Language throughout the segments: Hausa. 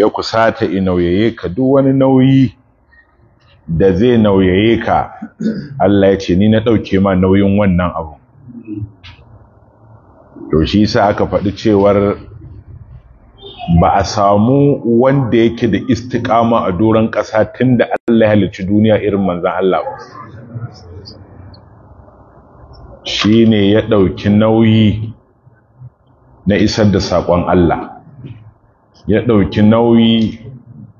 ya kusata inauyaye ka duk wani nauyi da zai nauyaye ka Allah ya ce ni na ɗauke ma nauyin wannan abu to shi sa aka faɗi cewar ba a samu wanda yake da istiƙama a doron ƙasa tun da Allah ya halicci duniya irin manzan Allah ba shi ne ya ɗauki nauyi na isar da sakon Allah ya ɗauki nauyi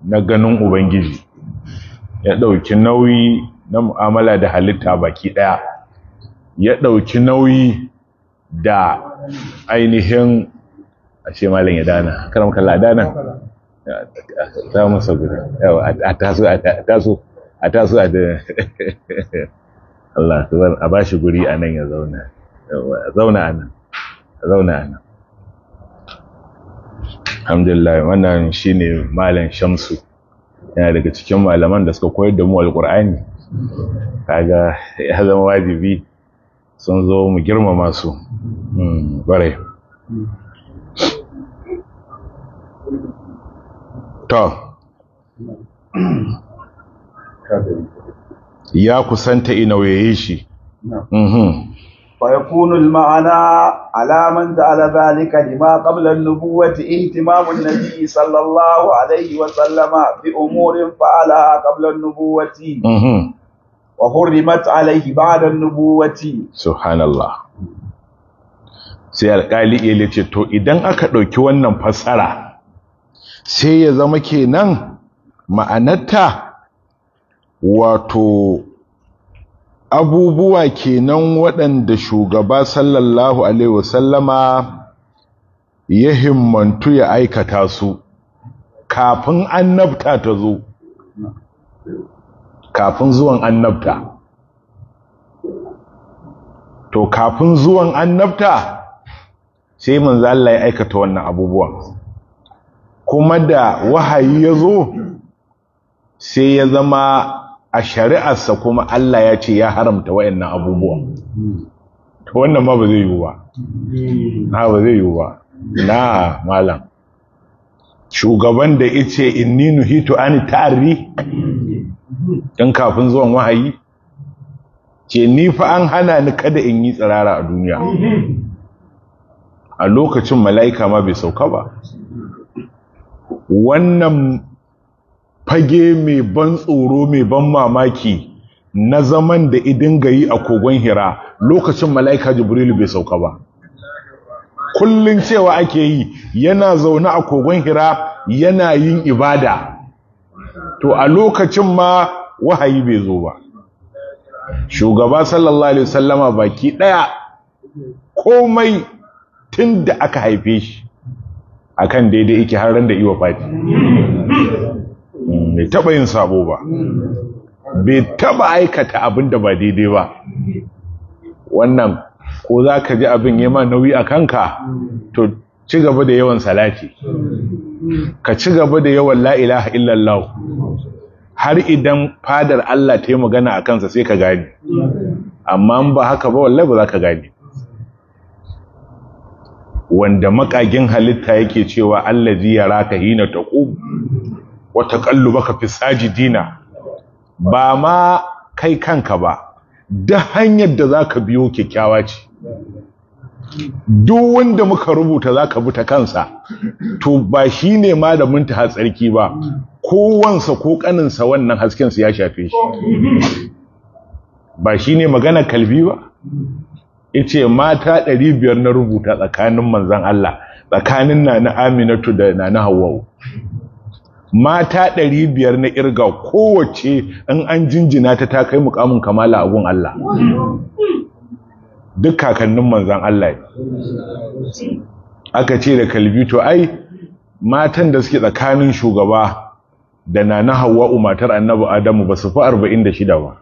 na ganin ubangiji ya ɗauki nauyi na mu'amala da halitta baki ɗaya ya ɗauki nauyi da ainihin a ce malam ya dana karam kalla dana ta masa guda a taso a taso a taso a da Allah a bashi guri a nan ya zauna a zauna a nan a zauna a nan alhamdulillah wannan shine malam shamsu yana daga cikin malaman da suka koyar da mu alkur'ani kaga ya zama wajibi sun zo mu girmama su bare hmm, to ya kusanta inawaye shi mm-hmm. fa yakunu ma'ana alaman ta'ala zalika lima qabla an-nubuwati ihtimamun nabi sallallahu alaihi wa sallama bi umurin fa'ala ƙablan an-nubuwati wa hurrimat alaihi ba'da nubuwaci. nubuwati subhanallah sai alƙali ya ce to idan aka ɗauki wannan fassara sai ya zama kenan ma'anarta wato abubuwa kenan waɗanda shugaba sallallahu alaihi wasallama ya himmantu ya aikata su kafin annabta ta zo kafin zuwan annabta to kafin zuwan annabta sai manzo Allah ya aikata wannan abubuwan kuma da wahayi ya zo sai ya zama a shari'arsa kuma Allah ya ce ya haramta wayannan abubuwa to wannan ma ba zai yiwu ba na ba zai yiwu ba na malam shugaban da yace inni nuhitu an ta'ri Don kafin zuwan wahayi ce ni fa an hana ni kada in yi tsirara a duniya a lokacin mala'ika ma bai sauka ba wannan fage mai ban tsoro mai ban mamaki na zaman da idin gayi a kogon hira lokacin mala'ika jibrilu bai sauka ba Kullum cewa ake yi yana zaune a kogon hira yana yin ibada to a lokacin ma wahayi bai zo ba shugaba sallallahu alaihi wasallama baki daya komai tun aka haife shi akan daidai yake har ran da iwa fati bai taba yin sabo ba bai taba aikata abin da ba daidai ba wannan ko za ka ji abin yi ma nauyi a kanka to ci gaba da yawan salati ka ci gaba da yawan la'ilaha illallah har idan fadar Allah ta yi magana a kansa sai ka gani amma ba haka ba wallai ba za ka gani wanda makagin halitta yake cewa Allah allazi yaraka hina taqum wa ka fi dina, ba ma kai kanka ba da hanyar da za ka biyo kyakkyawa ce duk wanda muka rubuta zaka bi ta kansa to ba shi ne shine malamin ta hatsarki ba kowansa ko kaninsa wannan hasken su ya shafe shi ba shi ne magana kalbi ba yace mata 500 na rubuta tsakanin manzon Allah tsakanin na na Aminatu da na na hawawu mata ɗari biyar na irga kowace in an jinjina ta ta kai mukamin kamala a Allah duk kakannin manzan Allah aka ce da kalbito ai matan da suke tsakanin shugaba da na hawa matar annabu adamu ba su fi arba'in da shida ba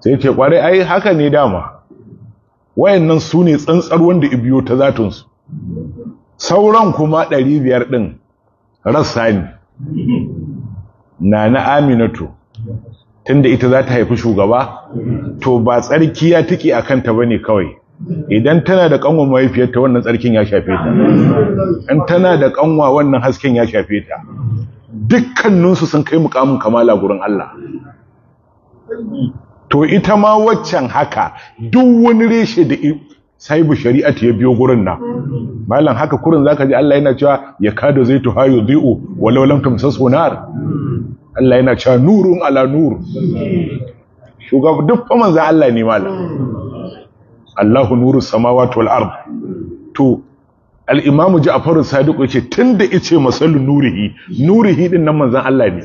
sai ce kwarai ai haka ne dama wayannan su ne tsantsar wanda ibiyo ta zatunsu sauran kuma ɗari biyar ɗin rassa ne nana aminatu tunda ita za ta haifi shugaba to ba tsarki ya tiki a kanta ba ne kawai idan tana da kanwa mahaifiyarta wannan tsarkin ya shafe ta in tana da kanwa wannan hasken ya shafe ta dukkaninsu sun kai mukamin kamala gurin Allah to ita ma waccan haka duk wani reshe da Sai bu shari'ati ya biyo gurin na malam haka kurin zaka ji Allah yana cewa ya kada zai hayu yudhi'u walaw lam tumsasu nar hmm. Allah yana cewa nurun ala nur shugaba duk fa za Allah ne malam hmm. Allahu nuru samawati wal ard hmm. to al-imam Ja'far as-Sadiq yace tunda yace masalun nurihi nurihi din nan manzo Allah ne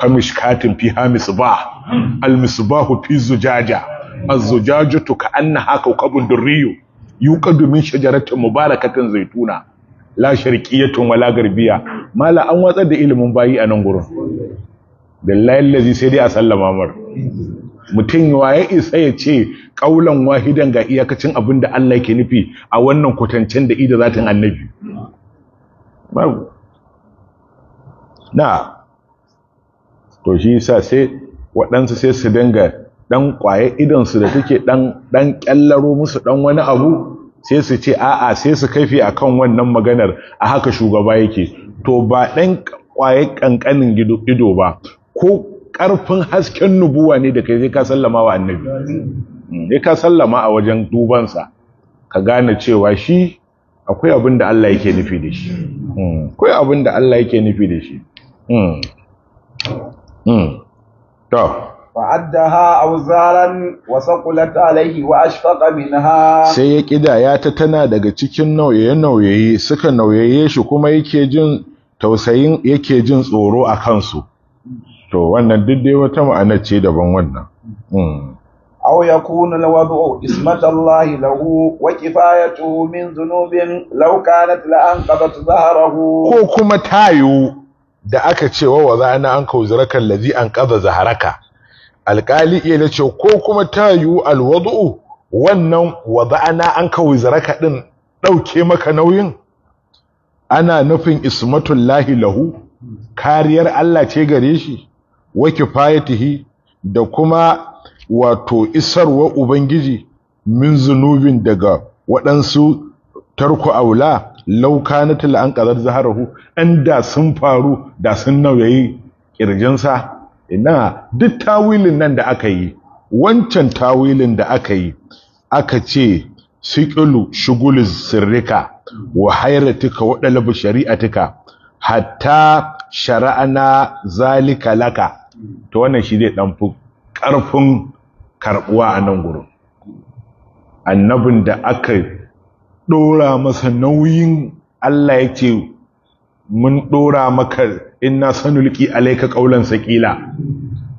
kamishkatin fi hamis ba al-misbahu fi zujaja ka anna haka ka'annaha kawkabun yuka yuqadu min shajaratin mubarakatin zaituna la sharqiyatun wala garbiya mala an watsar da ilimin bayi a nan gurin billahi sai dai a sallama mutum isa ya ce ƙaulan wahidan ga iyakacin abinda Allah yake nufi a wannan kwatancen da ida zatin annabi babu na to shi yasa sai waɗansu sai su dinga dan kwaye su da take dan dan kyallaro musu dan wani abu sai su ce a'a sai su kafi akan wannan maganar a haka shugaba yake to ba dan kwaye kankanin ido ba ko karfin hasken nubuwa ne da kai sai ka sallama wa annabi mm, sai ka sallama a wajen dubansa ka gane cewa shi akwai abin da Allah yake nufi da shi mm, akwai abin da Allah yake nufi da shi mm, to fa'addaha auzaran wa saqulat alaihi wa ashfaqa minha sai ya kidaya ta tana daga cikin nauye-nauye suka nauyaye shi kuma yake jin tausayin yake jin tsoro a kansu to wannan duk dai wata ma'anar ce daban wannan hmm. aw yakunu alwad'u ismatallahi lahu wa kifayatuhu min dhunubin law kanat la anqadat zahrahu ko kuma tayu da aka ce wa wazana an kauziraka allazi anqadha zaharaka alƙali iya da ko kuma ta yiwu alwadu wannan wada'ana an ka wizaraka ɗin ɗauke maka nauyin ana nufin ismatullahi lahu kariyar Allah ce gare shi wake fayatihi da kuma wato isarwa ubangiji min zunubin daga waɗansu tarku aula na an ƙazar zaharahu ɗan da sun faru da sun nauyayi ƙirjinsa. ina duk tawilin nan da aka yi wancan tawilin da aka yi aka ce siƙilu shugulu sirrika wa wa waɗalabu shari'atika hatta shara'ana zalika laka to wannan shi zai ɗan fi ƙarfin karɓuwa a nan gurin annabin da aka ɗora masa nauyin Allah ya ce mun ɗora maka inna sanulki alayka qawlan saqila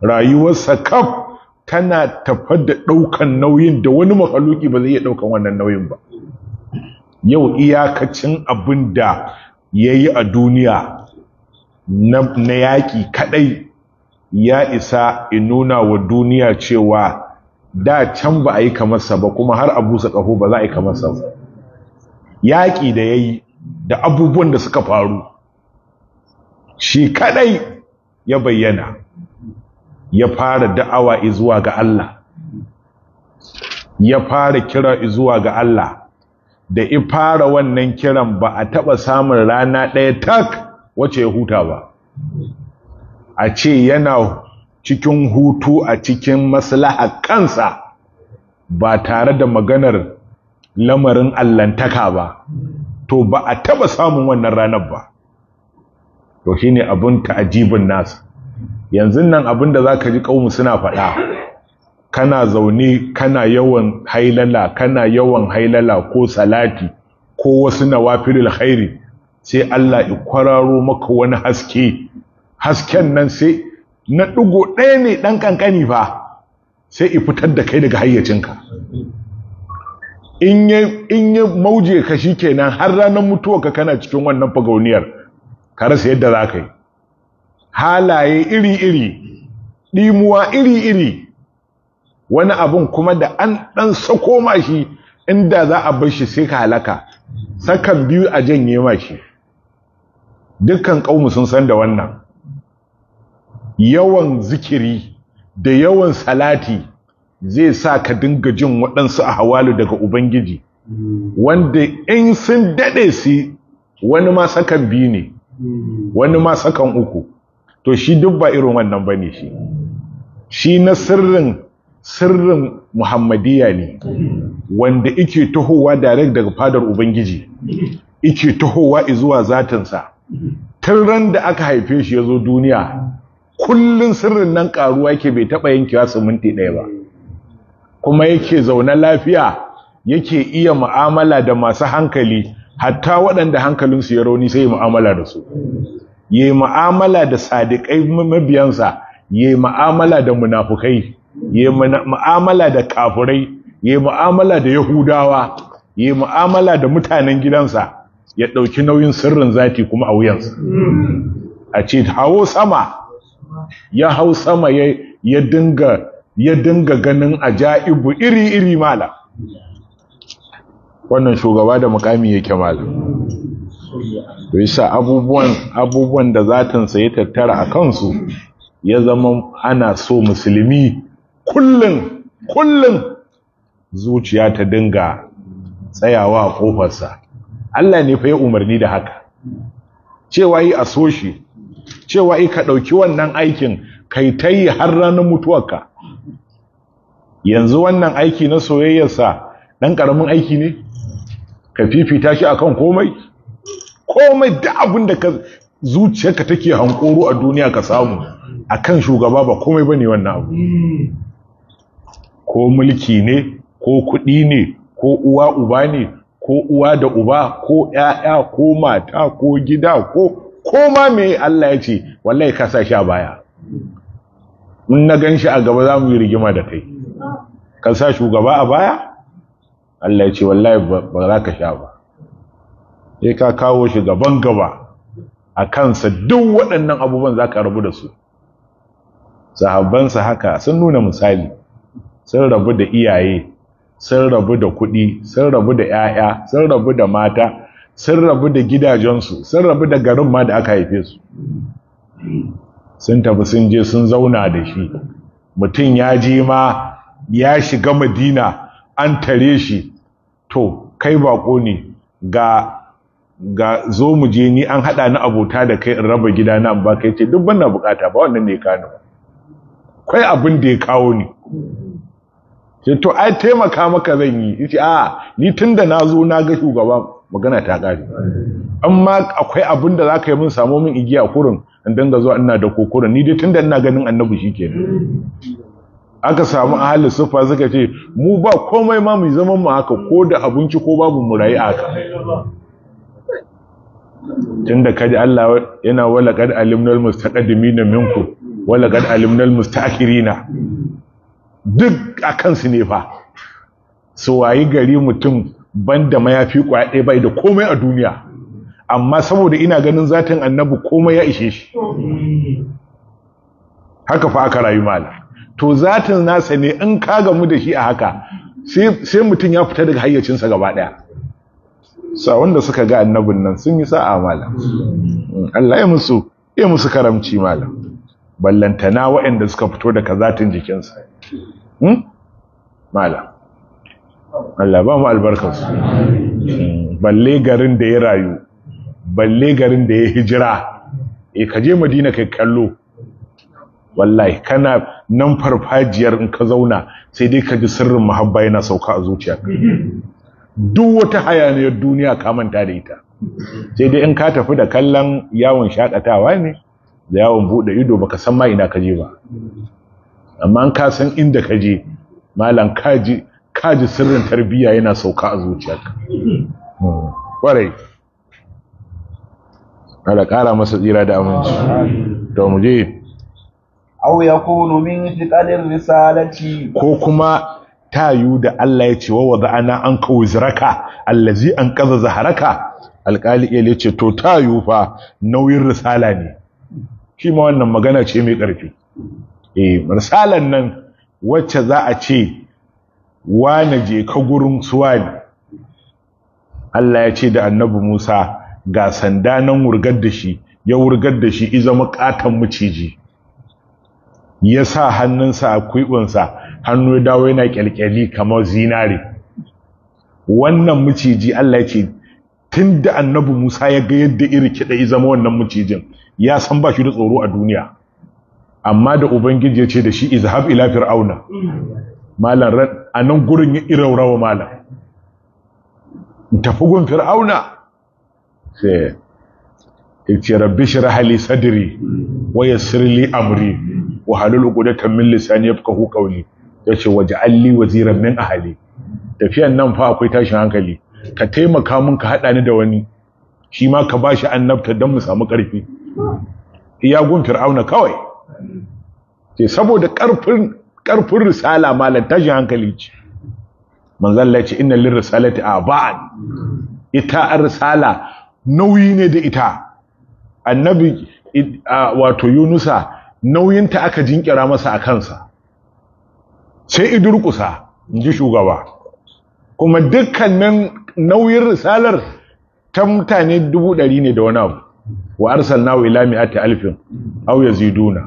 rayuwarsa kaf tana tafar da daukan nauyin da wani makhluki ba zai iya daukan wannan nauyin ba yau iyakacin abin da yayi a duniya na yaƙi kadai ya isa inuna wa duniya cewa da can ba a yi kamarsa ba kuma har a busa kafo ba za a yi kamarsa ba yaƙi da ya yi da abubuwan da suka faru shi kadai ya bayyana ya fara da'awa zuwa ga Allah ya fara kira izuwa ga Allah da fara wannan kiran ba a taɓa samun rana ɗaya tak wace ya huta ba a ce yana cikin hutu a cikin maslaha kansa ba tare da maganar lamarin allantaka ba to ba a taɓa samun wannan ranar ba to ne abun ta'ajibin nas yanzu nan abin da zaka ji kaumu suna faɗa kana zaune kana yawan hailala kana yawan hailala ko salati ko wasu nawafilul khairi sai Allah ya kwararo maka wani haske hasken nan sai na ɗigo ɗaya ne ɗan ƙanƙani fa sai i fitar da kai daga hayyacinka in yi mauje ka shi kenan har ranar mutuwa ka kana cikin wannan fagauniyar ka rasa yadda za ka yi halaye iri-iri ɗimuwa iri-iri wani abun kuma da an ɗan sako mashi inda za a bar shi sai ka halaka sakan biyu a janye mashi dukkan ƙaumu sun san da wannan yawan zikiri da yawan salati zai sa ka dinga jin waɗansu a hawalu daga ubangiji hmm. wanda in sun daɗe su wani ma sakan biyu ne wani ma sakan uku to shi duk ba irin wannan ba ne shi shi na sirrin sirrin Muhammadiyya ne wanda ike tahowa direct daga fadar ubangiji ike tahowa zuwa zatinsa tun ran da aka haife shi ya zo duniya kullum sirrin nan karuwa yake bai taɓa yankewa siminti ɗaya ba kuma yake zaune lafiya yake iya mu'amala da masu hankali hatta waɗanda hankalinsu ya rauni sai mu'amala da su yi mu'amala da sadiƙai mabiyansa yi mu'amala da munafukai yi mu'amala da kafurai yi mu'amala da yahudawa yi mu'amala da mutanen gidansa ya ɗauki nauyin sirrin zati kuma a wuyansa a ce hawo sama ya hau sama ya dinga ganin ajaibu iri-iri mala wannan shugaba da mukami yake malam to yasa abubuwan abubuwan da zata ya tattara a kansu ya zama ana so musulmi kullum kullun zuciya ta dinga tsayawa a kofarsa Allah ne fa ya umarni da haka cewa yi a shi cewa yi ka ɗauki wannan aikin kai ta yi har ranar mutuwarka yanzu wannan aiki na soyayyarsa ɗan ƙaramin aiki ne ka fifita shi akan komai komai da abin da ka zuciyarka take hankoro a duniya ka samu akan shugaba ba komai bane wannan abu ko mulki ne ko kuɗi ne ko uwa uba ne ko uwa da uba ko ƴaƴa ko mata ko gida ko koma me Allah ya ce wallahi ka sa sha baya Mun na ganshi a gaba za mu yi rigima da kai ka sa shugaba a baya Allah ya ce wallahi ba za ka sha ba sai ka kawo shi gaban gaba a kansa duk waɗannan abubuwan za ka rabu da su sahabbansa haka sun nuna misali sun rabu da iyaye sun rabu da kuɗi sun rabu da 'ya'ya sun rabu da mata sun rabu da gidajensu sun rabu da garin ma da aka haife su sun tafi sun je sun zauna da shi mutum ya ji ma ya shiga madina an tare shi to kai bako ne ga ga zo mu je ni an hada ni abota da kai in raba gida na ba kai ce duk banna bukata ba wannan ne ka ni kai abin da ya kawo ni ce to ai taimaka maka zan yi yace a ni tunda na zo na ga shugaba magana ta kare amma akwai abin da zaka yi mun samo min igiya kurin in dinga zuwa ina da kokorin ni dai tunda ina ganin annabi shikenan aka samu ahalin siffa suka ce mu ba komai ma mu zaman mu haka ko da abinci ko babu mu rayu aka. tunda kaji Allah yana wala kad alimnal mustaqdimina minkum wala kad alimnal mustaakhirina duk akan su ne fa su wayi gari mutum banda mayafi kwaɗe bai da komai a duniya amma saboda ina ganin zatin annabi komai ya ishe shi haka fa aka rayu mala to zatin nasa ne in ka gamu da shi a haka sai mutum ya fita daga hayyacinsa gaba daya sa wanda suka ga annabin nan sun yi sa'a malam mm, Allah ya musu ya musu karamci malam ballantana waɗanda suka fito daga zatin jikinsa hmm? malam Allah ba mu albarkarsu mm, balle garin da ya rayu balle garin da ya hijira e eh, kaje madina kai kallo wallahi kana nan farfajiyar in ka zauna sai dai ka ji sirrin mahabba yana sauka a zuciya duk wata hayaniyar duniya ka manta da ita sai dai in ka tafi da kallon yawon shakatawa ne da yawon bude ido baka san ma ina ka je ba amma ka san inda ka je malam ka ji sirrin tarbiyya yana sauka a zuciyarka hmm. kwarai Kada kara masa tsira da aminci to mu je aw yakunu min thiqalir risalati ko kuma ta tayu da Allah ya ce wa wada'ana an kawziraka allazi an qaza zaharaka alƙali ya ce to ta tayu fa nauyin risala ne shi ma wannan magana ce mai karfi eh risalan nan wacce za a ce wa na je ka gurin suwani Allah ya ce da annabi Musa ga sanda nan wurgar da shi ya wurgar da shi izama ƙaton maciji ya sa hannunsa a kwiɓinsa hannu ya dawo yana kyalkyali kamar zinare wannan maciji Allah ce tun da annabi Musa ya ga yadda iri kiɗa ya zama wannan macijin ya san ba shi da tsoro a duniya amma da ubangiji ya ce da shi izhab ila fir'auna malam a nan gurin ya iraurawa malam tafi gun fir'auna sai ya ce rabbi shirah li sadri wa yassir amri wa halul uqdatan min lisani Ya ce yace alli waziran min ahali tafiyan nan fa akwai tashin hankali ka taimaka mun ka haɗa ni da wani shi ma ka bashi annabta dan mu samu karfi iya gun fir'auna kawai ce saboda karfin karfin risala malam tashin hankali ce manzo Allah ya ce inna lirrisalati aba'an ita risala nauyi ne da ita annabi wato yunusa nauyinta aka jinkira masa a kansa sai idurkusa in ji shugaba kuma dukkanin nauyin risalar ta mutane dubu ɗari ne da wani abu wa arsalna wa ila ta alfin aw yaziduna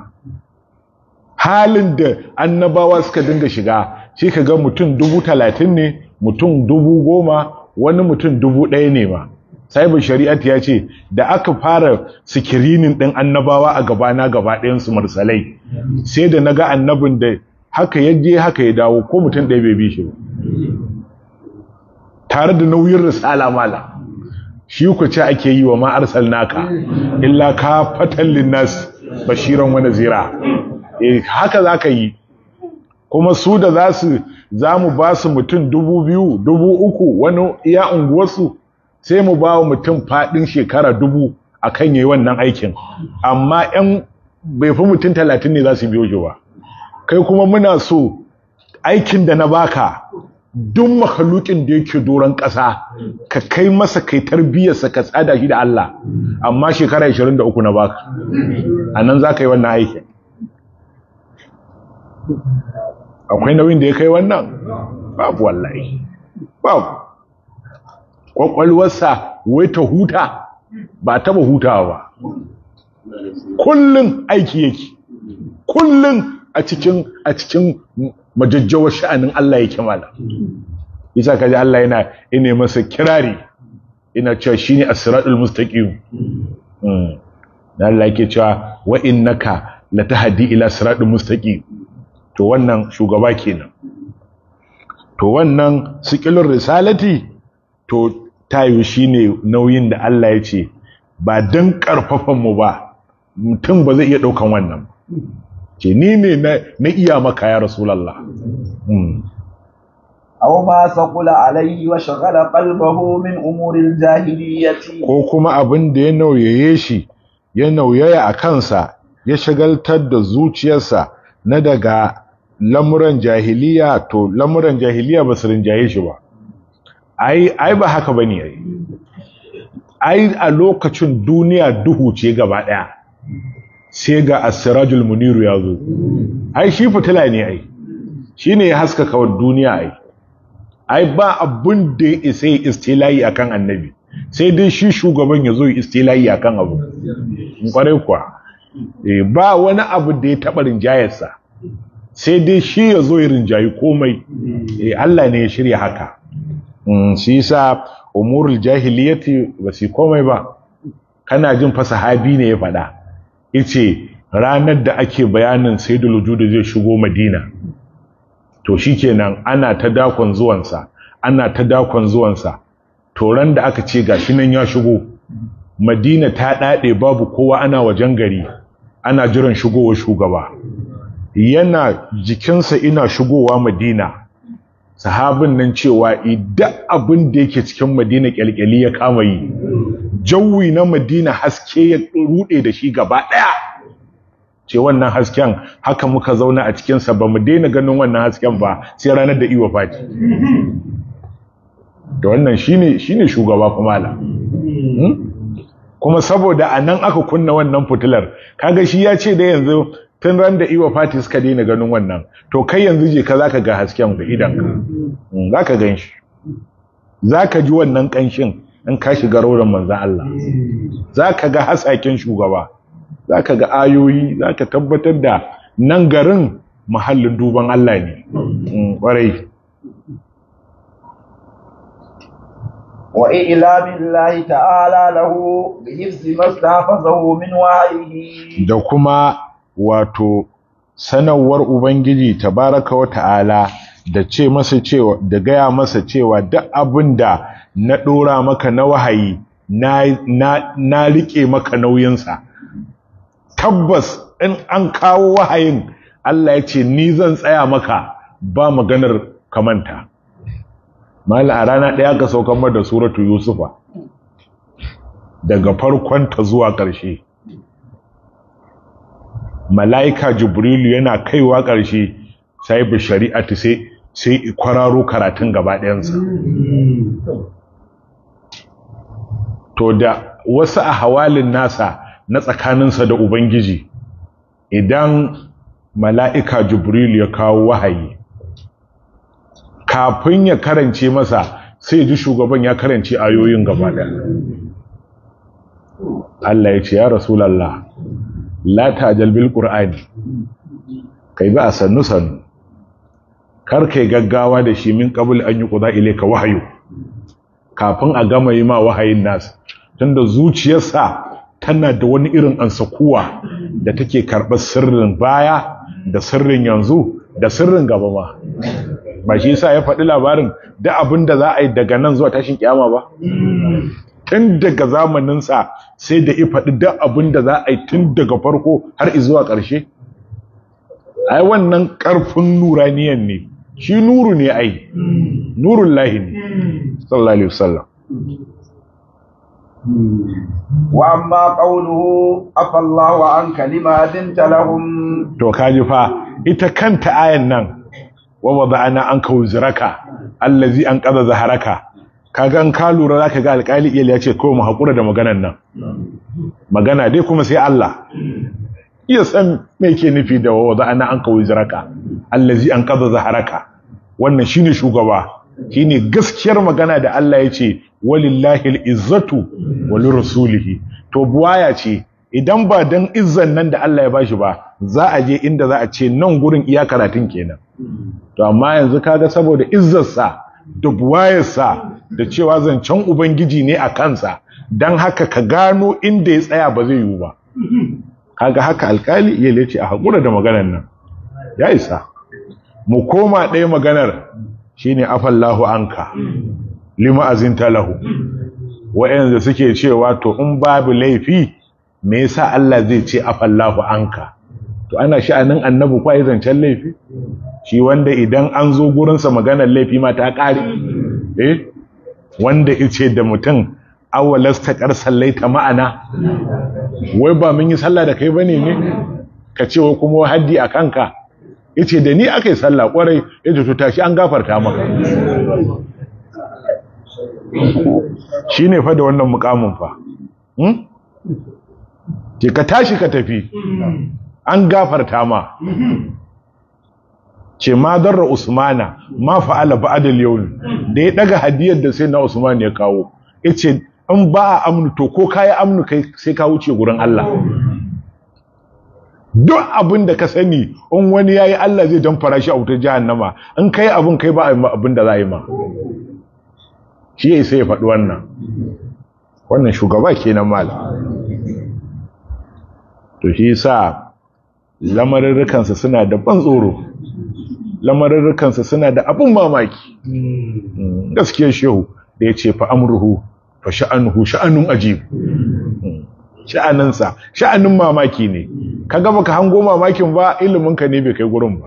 halin da annabawa suka dinga shiga shi ka ga mutum dubu talatin ne mutum dubu goma wani mutum dubu ɗaya ne ma sahibin shari'at ya ce da aka fara sikirinin ɗin annabawa a gabana gaba ɗayansu marsalai sai da na ga annabin da haka ya je haka ya dawo ko mutum ɗaya bai bi shi ba tare da nauyin risala mala shi ku ce ake yi wa ma naka, illa ka fatan linnas bashiran wani zira eh haka ka yi kuma su da za su za mu ba su mutum dubu biyu dubu uku wani iya unguwarsu sai mu ba mutum faɗin shekara dubu a kan yi wannan aikin amma yan bai fi mutum talatin ne za su biyo shi ba kai kuma muna so aikin da na baka duk makhlukin da yake doron ƙasa ka kai masa kai tarbiyyarsa ka tsada shi da Allah amma shekara 23 na baka a nan za ka yi wannan aikin akwai nauyin da ya kai wannan babu wallahi babu Kwakwalwarsa wai ta huta ba taɓa hutawa ba kullum aiki yake kullum a cikin a cikin majajjawar sha'anin Allah yake mala isa kaji Allah yana ina masa kirari ina cewa shine as-siratul mustaqim hmm. Allah yake cewa wa innaka latahdi ila siratul mustaqim to wannan shugaba kenan to wannan sikilin risalati to tayo shine nauyin da Allah ya ce ba don ƙarfafanmu ba mutum ba zai iya ɗaukan wannan ce ni ne na iya maka ya rasulallah hmm. aw ma saqula alayhi wa shaghala qalbahu min ya jahiliyyati ko kuma abin da ya nauyaye shi ya nauyaya a kansa ya shagaltar da zuciyarsa na daga lamuran jahiliya to lamuran jahiliya ba su rinjaye shi ba ai ba haka bane ai ai a lokacin duniya duhu ce gaba ɗaya. sai ga asirajul muniru ya zo ai shi fitila ne ai shi ne ya haskaka wa duniya ai ai ba abun da ya isa ya istilayi akan annabi sai dai shi shugaban ya zo ya istilayi akan abu kwarai kuwa eh, ba wani abu da ya taɓa rinjayarsa sai dai shi ya zo ya rinjayi komai eh, Allah ne ya shirya haka Mm, shi yasa umurul jahiliyati ba su komai ba kana jin fa sahabi ne ya faɗa yace ranar da ake bayanin sayyidul wujud zai shigo madina to shikenan ana ta dakon zuwansa ana ta dakon zuwansa to ran da aka ce gashi nan ya shigo madina ta dade babu kowa ana wajen gari ana jiran shigowar shugaba yana jikinsa ina shigowa madina sahabin nan cewa idan abin da yake cikin madina kyalkyali ya kama yi jawi na madina haske ya rude da shi gaba daya ce wannan hasken haka muka zauna a cikinsa ba mu daina ganin wannan hasken ba sai ranar da iwa fati da wannan shine shine shugaba kuma la hmm? kuma saboda anan aka kunna wannan fitilar kaga shi ya ce da yanzu tun ran da iwa fati suka daina ganin wannan to kai yanzu je ka zaka ga hasken da idan ka mm, zaka gan shi zaka ji wannan kanshin in ka shiga rauran manzon Allah zaka ga hasakin shugaba zaka ga ayoyi zaka tabbatar da nan garin mahallin duban Allah ne kwarai mm, billahi ta'ala lahu bi hifzi mustafa استحفظه min وعيه da kuma wato sanarwar ubangiji tabaraka wa ta'ala da ce masa cewa da gaya masa cewa duk abin da na ɗora maka na wahayi na riƙe maka nauyinsa tabbas in an kawo wahayin Allah ya ce ni zan tsaya maka ba maganar kamanta mala a rana ɗaya ka saukar da suratu yusufa daga farkonta zuwa ƙarshe mala'ika jibrilu yana kaiwa ƙarshe sai bi shari'ati sai sai kwararo karatun gaba ɗayansa to da wasu a hawalin nasa na tsakaninsa da ubangiji idan mala'ika jibrilu ya kawo wahayi kafin ya karance masa sai ji shugaban ya karance ayoyin gaba ɗaya Allah ya ce ya rasulallah la tajal bil qur'ani kai ba a sannu sannu kar kai gaggawa da shi min ƙabul an yi ile ka wahayu kafin a gama yi ma wahayin nasa tunda zuciyarsa tana da wani irin ansakuwa da take karɓar sirrin baya da sirrin yanzu da sirrin gaba ma ba shi sa ya faɗi labarin da abin da za a yi daga nan zuwa tashin ƙyama ba tun daga zamaninsa sai da ifaɗi duk abin da za a yi tun daga farko har izuwa ƙarshe ai wannan ƙarfin nuraniyan ne shi nuru ne ai nurun lahi ne sallallahu alaihi wasallam wa amma qawluhu afallahu an din talahun. to kaji fa ita kanta ayan nan wa ana an ziraka, allazi an ƙaza zaharaka kaga gan ka lura za ka ga alƙali iya ya ce kawai mu hakura da maganan nan magana dai kuma sai Allah iya san mai ke nufi da wa ana an kawai ziraka allazi an kaza zaharaka wannan shi ne shugaba ne gaskiyar magana da Allah ya ce walillahi al-izzatu rasulihi to buwaya ce idan ba dan izzan nan da Allah ya bashi ba za a je inda za a ce nan gurin iya karatun kenan to amma yanzu kaga saboda izzarsa da buwayarsa da cewa zancen ubangiji ne a kansa don haka ka gano inda ya tsaya ba zai yiwu ba kaga haka alkali iya lece a haƙura da maganar nan ya isa mu koma ɗaya maganar shi shine afallahu anka lima azinta lahu wa’yanzu suke cewa to in babu laifi me yasa Allah zai ce afallahu anka to ana sha'anin annabi kwa yi zancen laifi shi wanda idan an zo gurinsa maganar laifi ma ta ƙare eh wanda ice da mutum awalas ta kar sallaita ma'ana wai ba mun yi sallah da kai bane ne ka ce wai kuma haddi a kanka yace da ni akai sallah kwarai yace to tashi an gafarta maka shine fa da wannan mukamin fa hmm? ke ka tashi ka tafi an gafarta ma ce ma darra usmana ma fa'ala ba'da al-yawm da ya daga hadiyar da sai na Usman ya kawo ya ce in ba a amnu to ko kai amnu kai sai ka wuce gurin Allah Don abin da ka sani in wani ya yi Allah zai don fara shi a wutar nama, in ka yi abin kai ba a abin da za a yi ma shi ya yi sai ya faɗi wannan wannan shugaba ke na mala to shi sa lamarin rikansa suna da ban tsoro lamarurrukansa suna da abin mamaki hmm. Gaskiya shehu da ya ce fa amruhu fa sha'anuhu sha'anun ajib hmm. sha'aninsa sha'anin mamaki ne ka gaba ka hango mamakin ba Ilimin ka ne bai kai gurin ba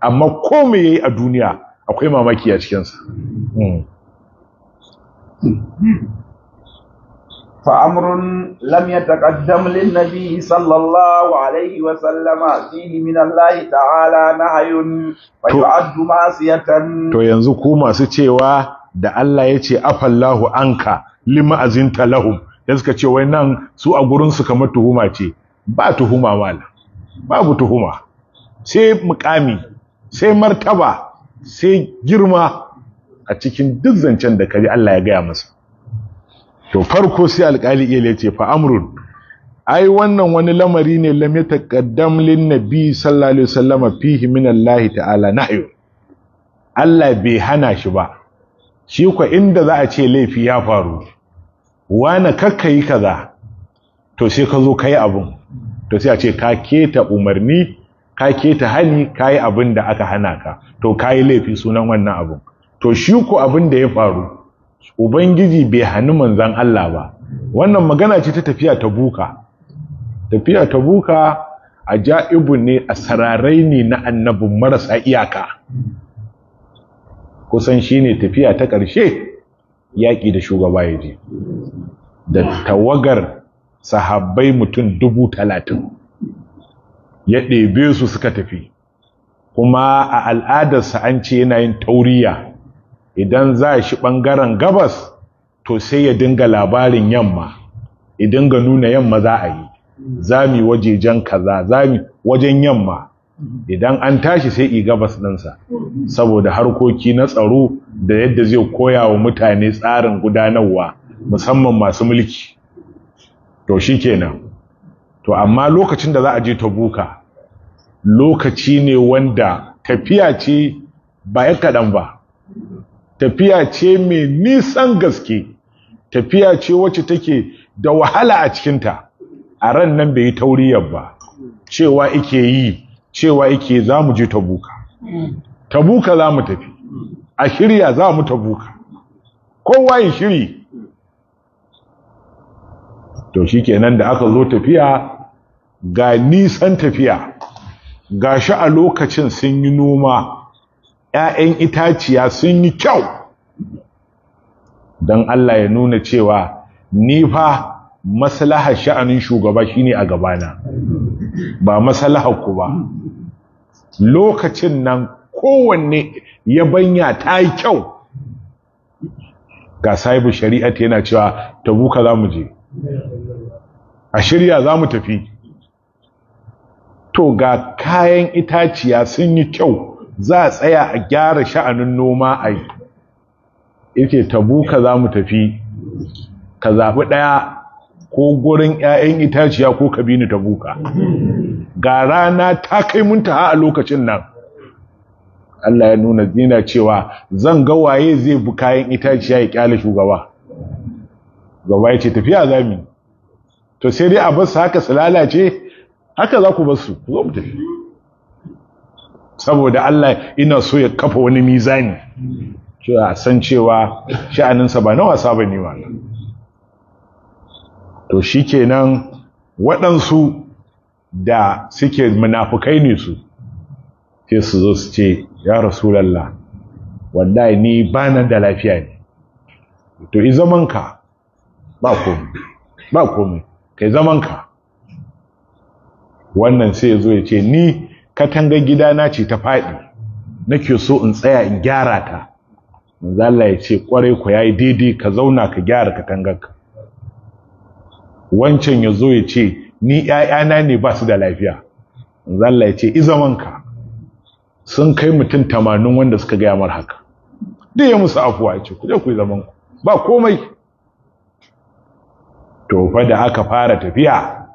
amma ko me yayi a duniya akwai mamaki a cikinsa hmm. فأمر لم يتقدم للنبي صلى الله عليه وسلم فيه من الله تعالى نهي فيعد معصية to yanzu ko masu cewa da Allah ya ce, afallahu anka lima azinta lahum da suka ce wai nan su a gurin su kamar tuhuma ce ba tuhuma mala babu tuhuma sai muƙami, sai martaba sai girma a cikin duk zancen da kaji Allah ya gaya masa to farko sai alƙali iya ce fa amrun ai wannan wani lamari ne lam yataqaddam lin nabi sallallahu alaihi wasallam fihi min Allah ta'ala nahyu Allah bai hana shi ba shi ko inda za a ce laifi ya faru wani kakka yi kaza to sai ka zo ka yi abin to sai a ce ka keta umarni ka keta hali ka yi abin da aka hana ka to ka yi laifi sunan wannan abin to shi ko abin da ya faru ubangiji bai hannu manzan Allah ba wannan magana ce ta tafiya ta buka tafiya ta buka a ja'ibu ne a sararai ne na annabin marasa iyaka kusan shi ne tafiya ta ƙarshe yaƙi da shugaba ya ji. da tawagar sahabbai mutum dubu talatin ya ɗebe su suka tafi kuma a al'adarsa an ce yana yin tauriya idan za shi ɓangaren gabas to sai ya dinga labarin yamma Idinga ga nuna yamma za a yi Za waje wajejen kaza mu wajen yamma idan an tashi sai i gabas ɗinsa saboda harkoki na tsaro da yadda zai koya wa mutane tsarin gudanarwa musamman masu mulki to shi kenan to amma lokacin da za a je ta buka, lokaci ne wanda tafiya ce ba ya kaɗan ba tafiya ce mai nisan gaske tafiya ce wacce take da wahala a cikinta a ran nan bai yi tauriyar ba cewa ike yi cewa ike za mu je tabuka tabuka za mu tafi a shirya za mu tabuka kowa yi shiri to shi kenan da aka zo tafiya ga nisan tafiya ga shi a lokacin sun yi noma ‘ya'yan itaciya sun yi kyau don Allah ya nuna cewa ni fa maslaha sha'anin shugaba shi ne a gabana ba maslaha ku ba lokacin nan kowanne yabanya ta yi kyau ga sahibu shari'at yana cewa tabuka za mu je a shirya za mu tafi to ga kayan itaciya sun yi kyau za a tsaya a gyara sha'anin noma a yi yake tabuka za mu tafi ka zaɓi ɗaya ko gurin 'ya'yan itaciya ko ka kabini tabuka ga rana ta kai munta a lokacin nan Allah ya nuna yana cewa zan ga waye zai bi kayan itaciya ya kyale shugaba gaba ya ce tafiya zami to sai dai a basu haka su lalace haka za ku basu zo mu saboda Allah ina so ya kafa wani mizani cewa san cewa sha'aninsa ba na wasa ba ne to shikenan waɗansu da suke munafukai ne su ke su zo su ce ya rasulallah wallahi ni ba nan da lafiya ne to i zamanka ba komai ba komai kai zamanka wannan sai ya zo ya ce ni katangar gidana ce ta faɗi nake so in tsaya in gyara ta manzo Allah ya ce kware ku yayi daidai ka zauna ka gyara katangar ka wancan ya zo ya ce ni ‘ya'yana ne ba su da lafiya manzo Allah ya ce izamanka sun kai mutum tamanin wanda suka gaya mar haka duk ya musu afuwa ya ce ku je ku yi zaman ku ba komai to fa da aka fara tafiya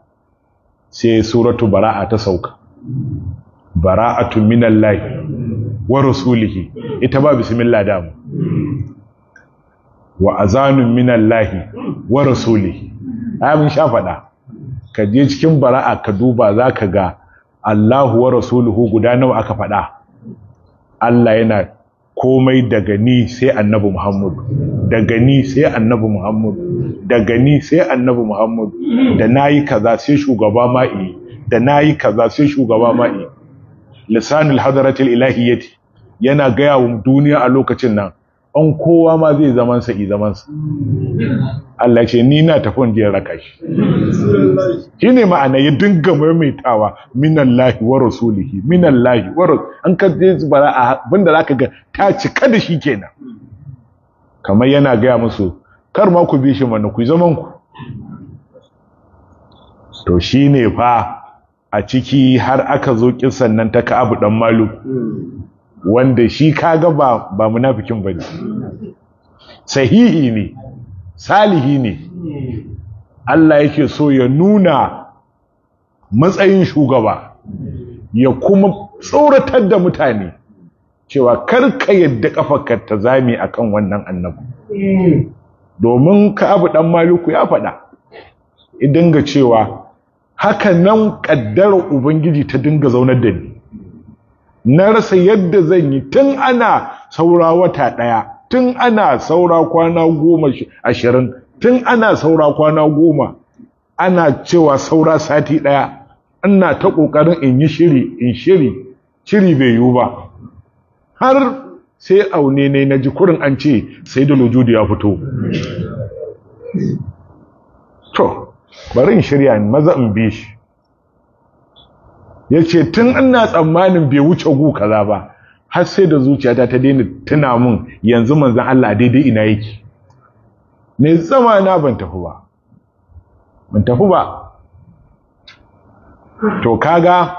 sai suratu bara'a ta sauka bara'atun minallahi wa rasulihi ita ba bismillah da mu wa azanu minallahi wa rasulihi ai mun sha faɗa ka je cikin bara'a ka duba zaka ga Allahu wa rasuluhu guda nawa aka faɗa Allah yana komai daga ni sai annabi Muhammad daga ni sai annabi Muhammad daga ni sai annabi Muhammad da nayi kaza sai shugaba ma'i da nayi kaza sai shugaba ma'i lisanul hadaratil ilahiyyati yana gaya wa duniya a lokacin nan an kowa ma zai zaman sa i zaman sa Allah ce ni na tafon je raka shi shine ma'ana ya dinga maimaitawa minallahi wa rasulihi minallahi wa rasul an ka je bara abinda zaka ga ta cika da shi kenan kamar yana gaya musu kar ma ku bi shi mana ku zaman ku to shine fa a ciki har aka zo kisan nan ta ka'abu dan malu wanda shi kaga ba ba munafikin bane sahihi ne salihi ne Allah yake so ya nuna matsayin shugaba ya kuma tsoratar da mutane cewa kar ka yadda kafarka ta zame akan wannan annabi mm. domin ka'abu dan maluku ya faɗa idan ga cewa haka nan kaddara ubangiji ta dinga zaunar da ni na rasa yadda zan yi tun ana saura wata ɗaya tun ana saura kwana goma ashirin tun ana saura kwana goma ana cewa saura sati ɗaya ana ta ƙoƙarin in yi shiri in shiri shiri bai yiwu ba har sai aune ne na ji kurin an ce sai da lojudu ya fito bari in shirya ni, maza in bi shi ya ce tun ina tsammanin bai wuce gu kaza ba har sai da zuciyata ta daina tuna mun yanzu manzan Allah daidai ina yake ne zama na ban tafi ba ban tafi ba to kaga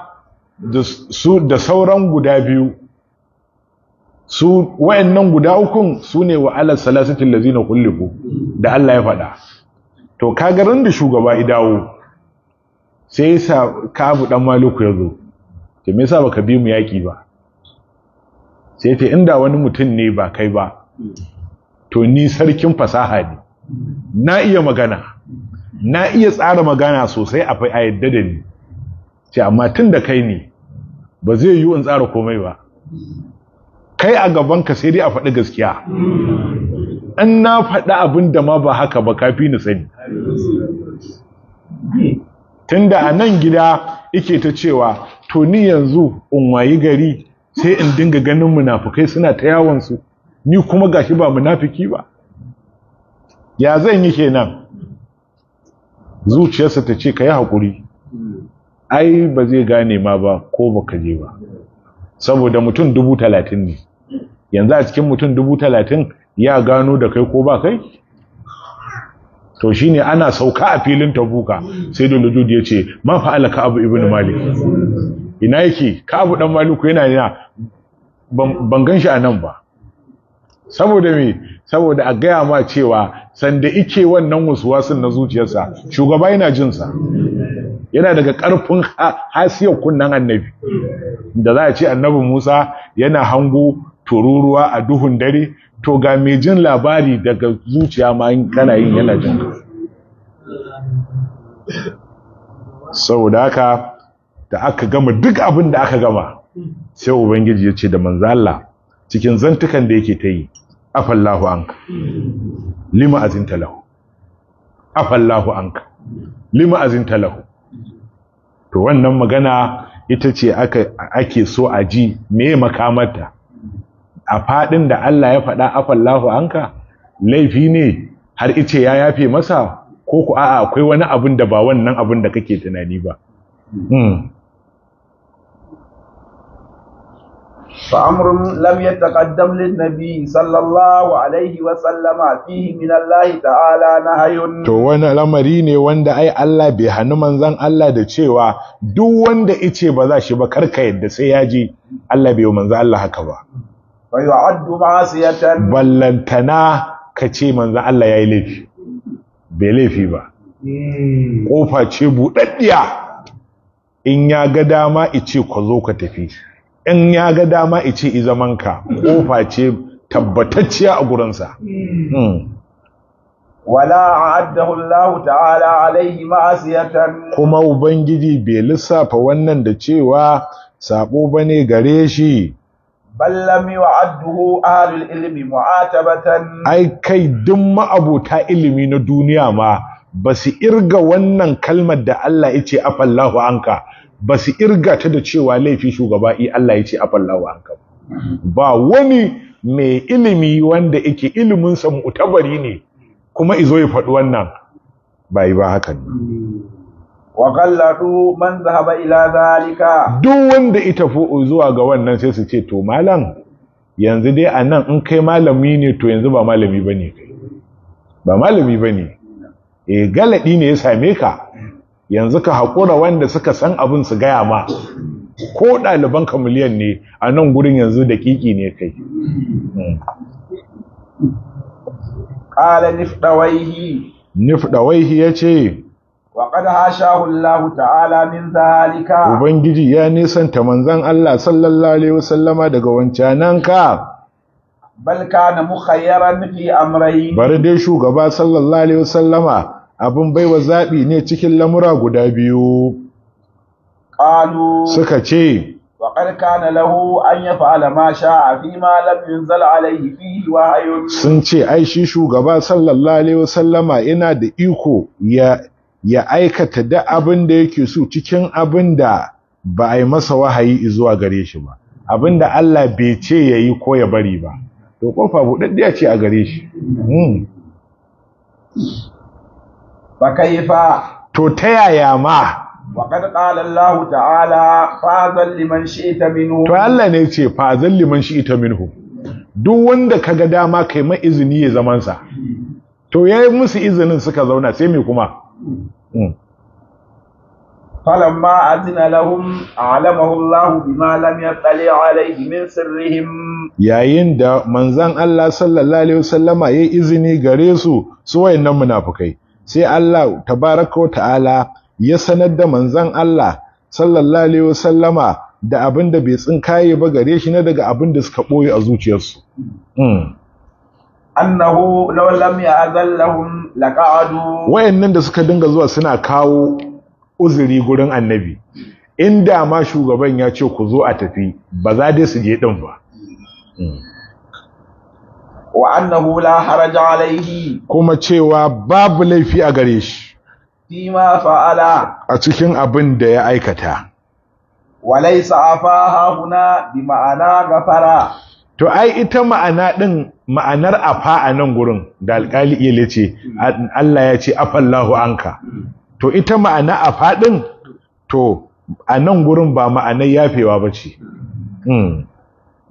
su da sauran guda biyu su wayannan guda ukun sune ne wa ala salasatil lazina kullu da Allah ya faɗa to ka garin da shugaba idawo dawo sai sa abu dan maliku ya zo to me yasa baka bi mu yaƙi ba sai ta inda wani mutum ne ba kai ba to ni sarkin fasaha ne na iya magana na iya tsara magana sosai a a yadda da ni ce amma tun da kai ne ba zai yi in tsara komai ba kai a gabanka sai dai a faɗi gaskiya An na faɗi abin da ma ba haka ba kafi ni sani tunda a nan gida ike ta cewa to ni yanzu in wayi gari sai in dinga ganin munafukai suna ta yawon ni kuma ga shi ba munafuki ba ya zan yi kenan zuciyarsa ta ce ka yi haƙuri ai ba zai gane ma ba ko ba ka je ba saboda mutum dubu talatin ne yanzu a cikin mutum dubu talatin ya gano da kai ko ba kai to shine ana sauka a filin tabuka sai da lujud ya ce ma fa'ala ka abu ibnu malik ina yake Ka abu dan maliku yana yana ban gan shi a nan ba saboda me saboda a gaya ma cewa sanda ike wannan wasuwasin na zuciyarsa shugaba yana jin sa. yana daga karfin hasiyar kunnan annabi da za a ce annabi musa yana hango tururuwa a duhun dare to ga mai jin labari daga zuciya ma in kana yin yana jin saboda haka da aka gama duk abin da aka gama sai ubangiji ya ce da Manzala, cikin zantukan da yake ta yi afallahu anka lima azinta talahu afallahu anka lima azinta talahu to wannan magana ita ce ake so a ji me makamarta a faɗin da Allah ya faɗa afallahu anka laifi ne har ice ya yafe masa ko ku a'a akwai wani abin da ba wannan abin da kake tunani ba فأمر لم يتقدم للنبي صلى الله عليه وسلم فيه من ta'ala na نهي to wani lamari ne wanda ai Allah bai hannu manzon Allah da cewa duk wanda ice ba za shi ba karka yadda sai ya ji Allah bai manzon Allah haka ba fayu'addu ma'siyatan ballantana kace manzo Allah yayi laifi bai laifi ba hmm. kofa ce budaddiya in ya ga dama ice ku zo ka tafi in ya ga dama ice i ka, kofa ce tabbatacciya a gurinsa hmm. Hmm. wala a'addahu Allah ta'ala alaihi ma'siyatan kuma ubangiji bai lissafa wannan da cewa sabo bane gare shi ballam yu'adduhu ahlul ilmi mu'atabatan ai kai duk ma'abota ilimi na duniya ma basu irga wannan kalmar da Allah yace ce afallahu anka ba irga ta da cewa laifi shugaba i Allah yace afallahu anka ba wani mai ilimi wanda yake iliminsa sa mu'tabari ne kuma izo ya faɗi wannan bai ba hakan hmm. wa kallatu man zahaba ila zalika duk wanda ita tafi zuwa ga wannan sai su ce to malam yanzu dai a nan in kai malami ne to yanzu ba malami bane kai ba malami bane eh galadi ne ya same ka yanzu ka haƙura wanda suka san abin su gaya ma ko ɗaliban ka miliyan ne a nan gurin yanzu da kiki ne kai hmm. qala nifdawaihi nifdawaihi ya ce وقد حاشاه الله تعالى من ذلك ubangiji ya nisanta manzon Allah sallallahu alaihi wasallama daga wancanan ka bal kana mukhayyaran fi amrayi bari dai shugaba sallallahu alaihi wasallama abin baiwa zabi ne cikin lamura guda biyu qalu suka ce lahu كان له ma يفعل ما شاء فيما لم ينزل عليه فيه وحي sun ce ai shi shugaba sallallahu alaihi wasallama ina da iko ya ya aikata da abin da yake so cikin abin da ba a yi masa wahayi zuwa gare shi ba abin da Allah bai ce ya yi ko ya bari ba to kofa buɗaɗɗiya ce a gare shi ba ka yi fa to ta yaya ma Waƙar ƙalallahu ta'ala fazan liman shi ita minhu. To Allah ne ce fazan liman shi ita minhu. Duk wanda ka ga dama kai ma izini ya zamansa. To ya yi musu izinin suka zauna sai me kuma? فلما أذن لهم علمه الله بما لم يطلع عليه من سرهم yayin da manzan Allah sallallahu alaihi wasallama ya izini gare su su wayannan munafukai sai Allah tabaraka wa ya sanar da manzan Allah sallallahu alaihi da abin da bai tsinkaye ba gare shi na daga abin da suka ɓoye a zuciyarsu hmm. annahu law lam ya'zal laqa'adu wayannan da suka dinga zuwa suna kawo uzuri gurin annabi inda ma shugaban ya ce ku zo a tafi ba za dai su je din ba hmm. wa annahu la haraja alayhi kuma cewa babu laifi a gare shi ma fa'ala a cikin abin da ya aikata walaysa afaha huna bi ma'ana gafara to ai ita ma'ana din ma'anar afa a nan gurin da alkali iya ce Allah ya ce afallahu anka to ita ma'ana afa din to a nan gurin ba ma'anar yafewa ba ce hmm.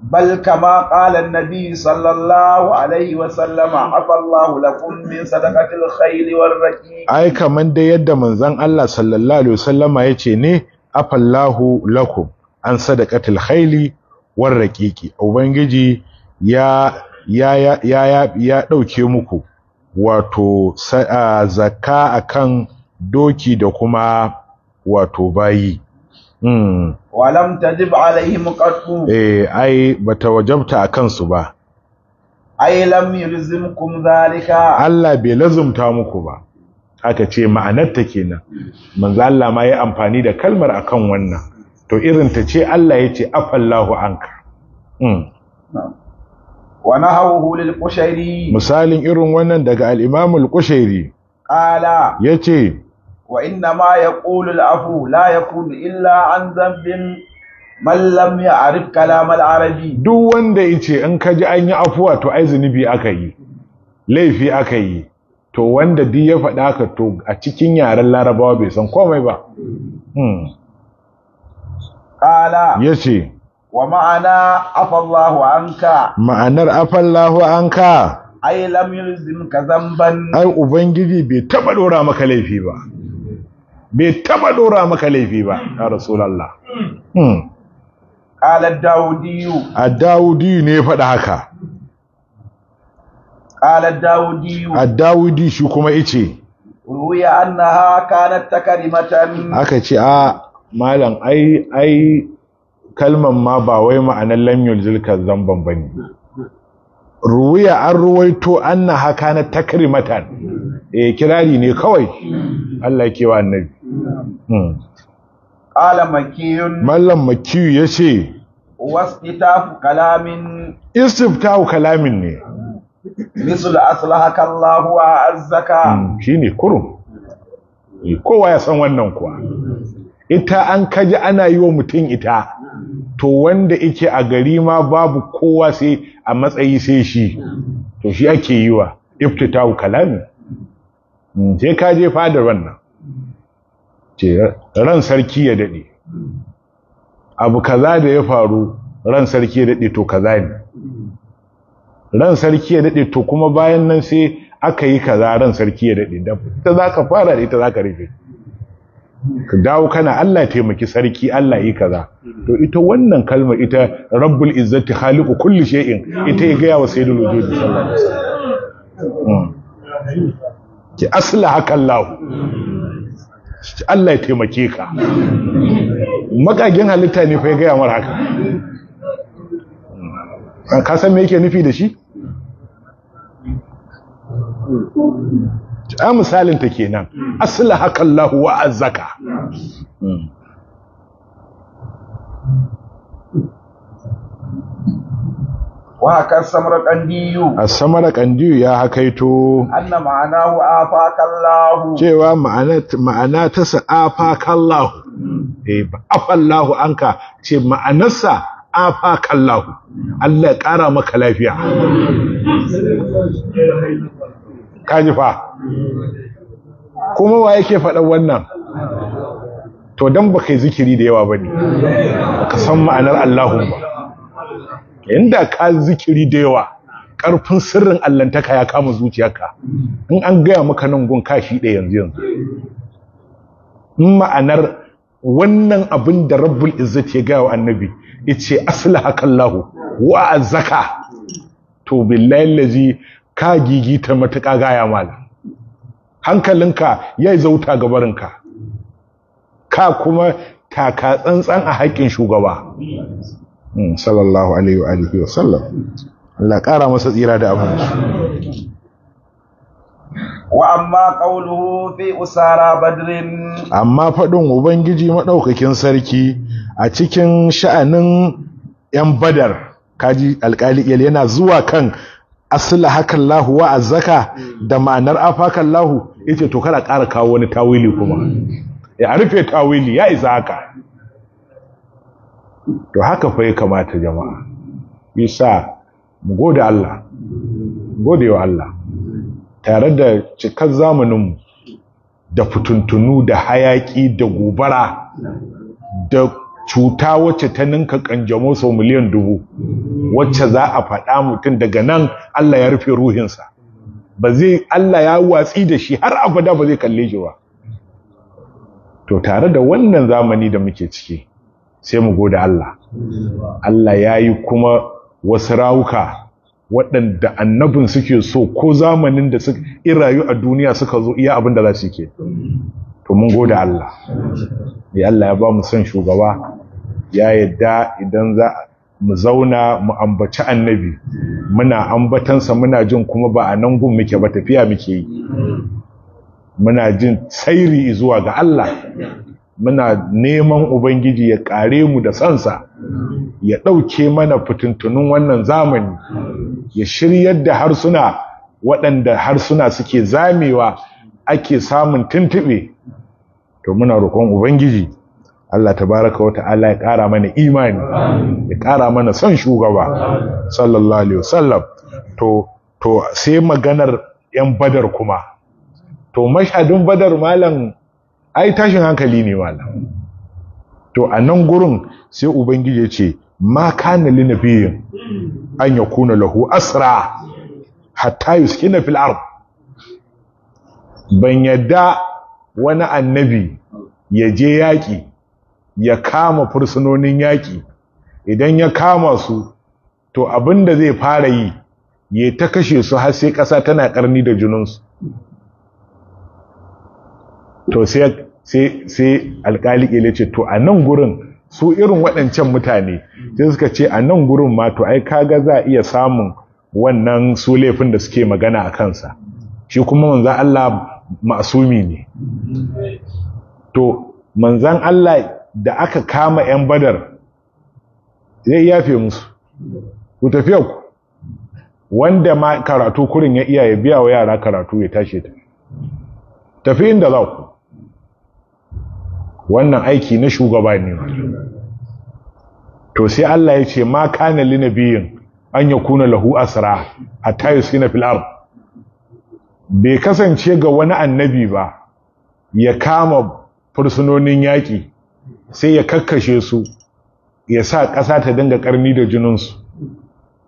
Balka ma ƙalar nabi sallallahu alaihi Wasallama! afallahu lakum min sadaqatil khayri war ai kamar da yadda manzan Allah sallallahu alaihi Wasallama! ya ce ne afallahu lakum an sadaqatil khayli war raqiqi ubangiji ya ya ɗauke muku wato zakka akan doki da kuma wato bayi mm. lam tajib alaihim qattu eh ai bata wajabta akan su ba ai lam yulzimkum zalika Allah bai lazumta muku ba aka ce ma'anarta kenan manzo Allah ma yi amfani da kalmar akan wannan to irin ta ce Allah yace afallahu anka mm. No. wa nahawuhu lil qushairi misalin irin wannan daga al-imam al-qushairi qala yace wa inna ma yaqulu al-afu la yakunu illa an dhanbin man lam ya'rif kalam al-arabi duk wanda yace in ka ji an yi afuwa to ai zunubi aka yi laifi aka yi to wanda duk ya faɗa ka to a cikin yaren larabawa bai san komai ba hmm. Ya ce, wa ma'ana afallahu anka ma'anar afallahu anka ai lam yulzim ka zamban ai ubangiji bai taba dora maka laifi ba bai taba dora maka laifi ba ya rasulullah hmm qala daudiyu ad-daudi ne fada haka qala daudiyu ad-daudi shi kuma yace ruya annaha kanat takrimatan aka ce a malam ai ai kalman ma ba wai ma'anar lamyul zilka zamban ban ne ruwiya an ruwaito na haka na takrimatan eh kirari ne kawai Allah ke wa annabi hmm. qala makiyun mallam makiyu yace wasitafu kalamin istiftahu kalamin ne misal aslahaka Allah wa azzaka hmm, shine kurum kowa ya san wannan kuwa ita an kaji ana yi wa mutum ita to wanda yake a gari ma babu kowa sai a matsayi sai shi to shi ake yi wa iftitahu kalami je mm, ka je fadar wannan ce ran sarki ya dade abu kaza da ya faru ran sarki ya dade to kaza ne ran sarki ya dade to kuma bayan nan sai aka yi kaza ran sarki ya dade da ita zaka fara da ita zaka rufe ka dawo kana Allah taimaki sarki Allah yi kaza to ita wannan kalma ita rabbul izzati khaliqu kulli shay'in ita ya gaya wa sayyidul wujud sallallahu alaihi wasallam hmm. ki aslaha kallahu Allah ya taimake ka makagin halitta ne fa ya gaya mara haka hmm. ka san me yake nufi da shi a misalin ta ke nan, asila haka Allahu wa zaka. Hmm. wa haka samar kandiyu a samar kandiyu ya hakaito anna fakan lahu. cewa ma'ana ta sa afakallahu hmm. eh, lahu an anka ce ma'anarsa lahu. Allah ya kara maka lafiya hmm. kanifa fa kuma wa yake faɗa wannan to dan baka yi zikiri da yawa bane ka san ma'anar Allahun ba inda ka zikiri da yawa karfin sirrin allantaka ya kama zuciyarka in an gaya maka nan gun kashi ɗaya yanzu yanzu in ma'anar wannan abin da rabbul izzat ya gaya wa annabi yace aslaha kallahu wa azzaka to billahi allazi ka gigita matuƙa gaya mala hankalinka ya zauta ga barinka ka kuma taka tsantsan a haƙƙin shugaba hmm, sallallahu alaihi wa sallam Allah ƙara masa tsira da abin wa amma qawluhu fi usara badrin amma faɗin ubangiji maɗaukakin sarki a cikin sha'anin yan badar kaji alƙali yana zuwa kan asla hakan lahu wa azzaka da ma'anar afakan lahu ya ce to kana ƙara kawo wani tawili kuma A rufe tawili ya isa haka to haka fa ya kamata jama'a yasa mu gode Allah gode wa Allah tare da cikar zamaninmu da fituntunu da hayaki da gobara da cuta wacce ta ninka kanjamo sau miliyan dubu wacce za a faɗa mutum daga nan Allah ya rufe ruhinsa ba zai Allah ya watsi da shi har abada ba zai kalle shi ba to tare da wannan zamani da muke ciki sai mu gode Allah Allah ya yi kuma wasu rawuka waɗanda annabin suke so ko zamanin da suka irayu a duniya suka zo iya abin da za su ke to mun gode Allah ya Allah ya ba mu son shugaba ya yadda idan za a. mu zauna mu ambaci annabi muna ambatansa muna jin kuma ba a nan gun muke ba tafiya muke yi muna jin tsairi zuwa ga Allah muna neman ubangiji ya kare mu da sansa ya ɗauke mana fitintunun wannan zamani ya shiryar da harsuna waɗanda harsuna suke zamewa ake samun tuntuɓe to muna roƙon ubangiji Allah tabaraka wata'ala Allah ya ƙara mana imani ya ƙara mana son shugaba sallallahu alaihi wasallam to to sai maganar yan badar kuma to mashhadin badar malam ai tashin hankali ne malam to a nan gurin sai ubangiji ya ce ma kana nabiyin an yakuna lahu asra hatta yuskina fil ard ban yadda wani annabi ya je yaƙi ya kama fursunonin yaƙi idan ya kama su to abin da zai fara yi ya ta kashe su har sai ƙasa tana ƙarni da junansu to sai alƙali ƙele ce to a nan gurin su irin waɗancan mutane sai suka ce a nan gurin ma to ai kaga za a iya samun wannan su laifin da suke magana a kansa shi kuma manzan Allah masumi ne to manzan Allah da aka kama 'yan badar zai yafe musu ku tafi ku wanda ma karatu kurin ya iya ya biya wa yara karatu ya tashi ta tafi inda za ku wannan aiki na shugaba ne to sai Allah ya ce ma kana nabiyin an kuna lahu asra hatta yuskina fil ard bai kasance ga wani annabi ba ya kama fursunonin yaki. sai ya kakkashe su ya sa ƙasa ta dinga ƙarni da jininsu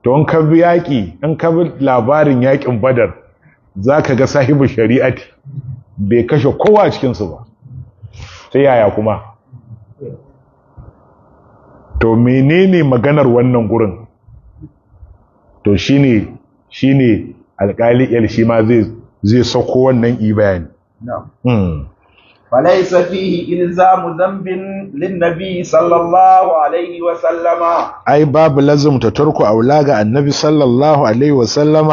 to in ka bi yaƙi in ka bi labarin yaƙin badar za ka ga sahibu shari'ati bai kashe kowa cikinsu ba ta yaya kuma to menene maganar wannan gurin to shine ne alƙali yal shi ma zai sauko sako wannan ibayani فليس فيه إلزام ذنب للنبي صلى الله عليه وسلم أي باب لازم تترك أولاغ النبي صلى الله عليه وسلم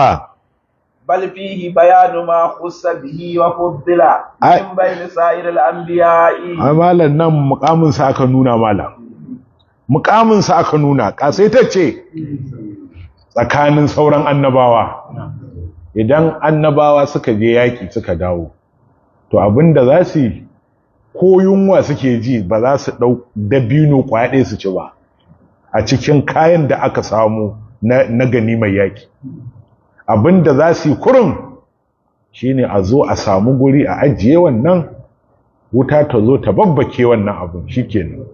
بل فيه بيان ما خص به وفضل من بين سائر الأنبياء أمالا نم مقام ساك نونا مالا مقام ساكنونا قاسيتك tsakanin sauran annabawa idan annabawa suka je yaki suka dawo to abinda za su yi ko yunwa suke ji ba za su ɗau dabino kwaɗe su ci ba a cikin kayan da aka samu na gani mai yaƙi abin da za su yi kurin shine a zo a samu guri a ajiye wannan wuta ta zo ta babbake wannan abin shikenan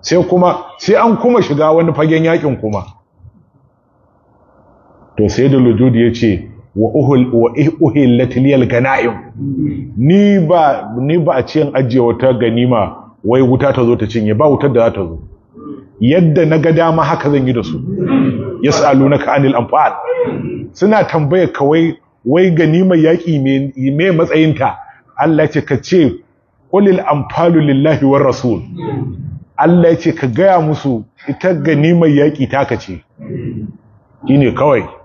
sai kuma sai an kuma shiga wani fagen yaƙin kuma to sai da lujudi ya ce wa uhillat liyal ganaim ni ba ni ba a ciyan ajiye wata ganima wai wuta ta zo ta cinye ba wutar da za ta zo yadda na ga dama haka zan yi da su yas'alunaka anil anfal suna tambaya kawai wai yaƙi yaki me matsayinta Allah ce ka ce qulil anfalu lillahi war rasul Allah ya ce ka gaya musu ita ganimar yaki taka ce shine kawai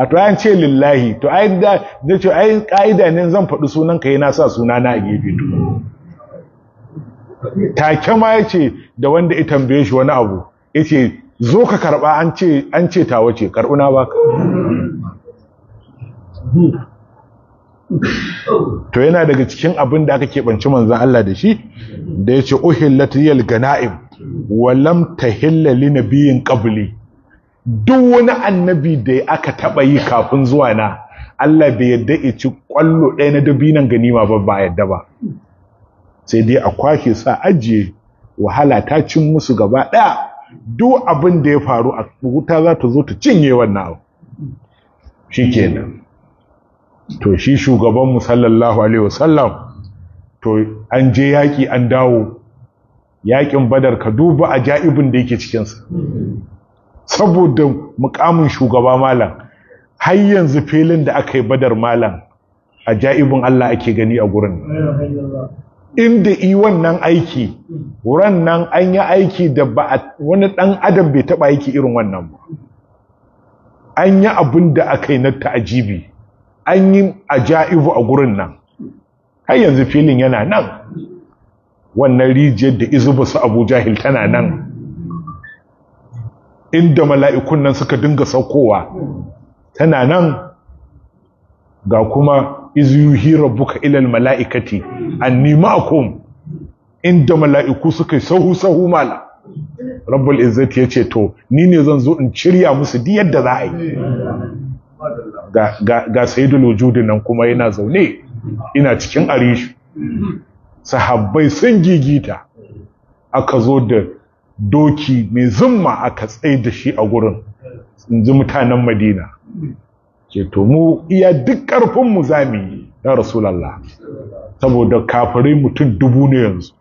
a to an ce lillahi to ai da ai kaida ne zan faɗi sunan ka na sa suna na a gefe to take ma yace da wanda ya tambaye shi wani abu yace zo ka karba an ce an ce ta wace karbuna baka to yana daga cikin abin da aka keɓanci manzan Allah da shi da yace ce uhillat yal ganaim wa lam tahilla li nabiyyin qabli duk wani annabi da aka taɓa yi kafin zuwa na Allah bai yadda ya ci kwallo ɗaya na dabinan ganima ba ba yadda ba sai dai a kwashe sa ajiye wahala ta cin musu gaba ɗaya duk abin da ya faru a wuta za ta zo ta cinye wannan abu shi kenan to shi shugabanmu sallallahu alaihi wasallam to an je yaƙi an dawo yaƙin badar ka duba a ja'ibin da yake cikinsa saboda mukamin shugaba malam har yanzu filin da aka yi badar malam a ja'ibin Allah ake gani a gurin inda yi wannan aiki wurin nan an yi aiki da ba wani ɗan adam bai taba aiki irin wannan ba an yi abin da aka yi na ta'ajibi an yi ajaibu a gurin nan har yanzu filin yana nan wannan rijiyar da izubu su abu jahil tana nan inda mala'ikun nan suka dinga saukowa tana nan ga kuma izu buka ilal mala'ikati anni ma'akum inda mala'iku suka sahu sahu mala rabbul izzati ce to ni ne zan zo in cirya musu di yadda za a yi ga sai da nan kuma yana zaune ina cikin arishu sahabbai sun gigita aka zo da doki mai zumma aka tsaye da shi a gurin in ji mutanen madina Ke to mu iya duk ƙarfinmu za mu yi ya rasulallah saboda kafirai mutum dubu ne yanzu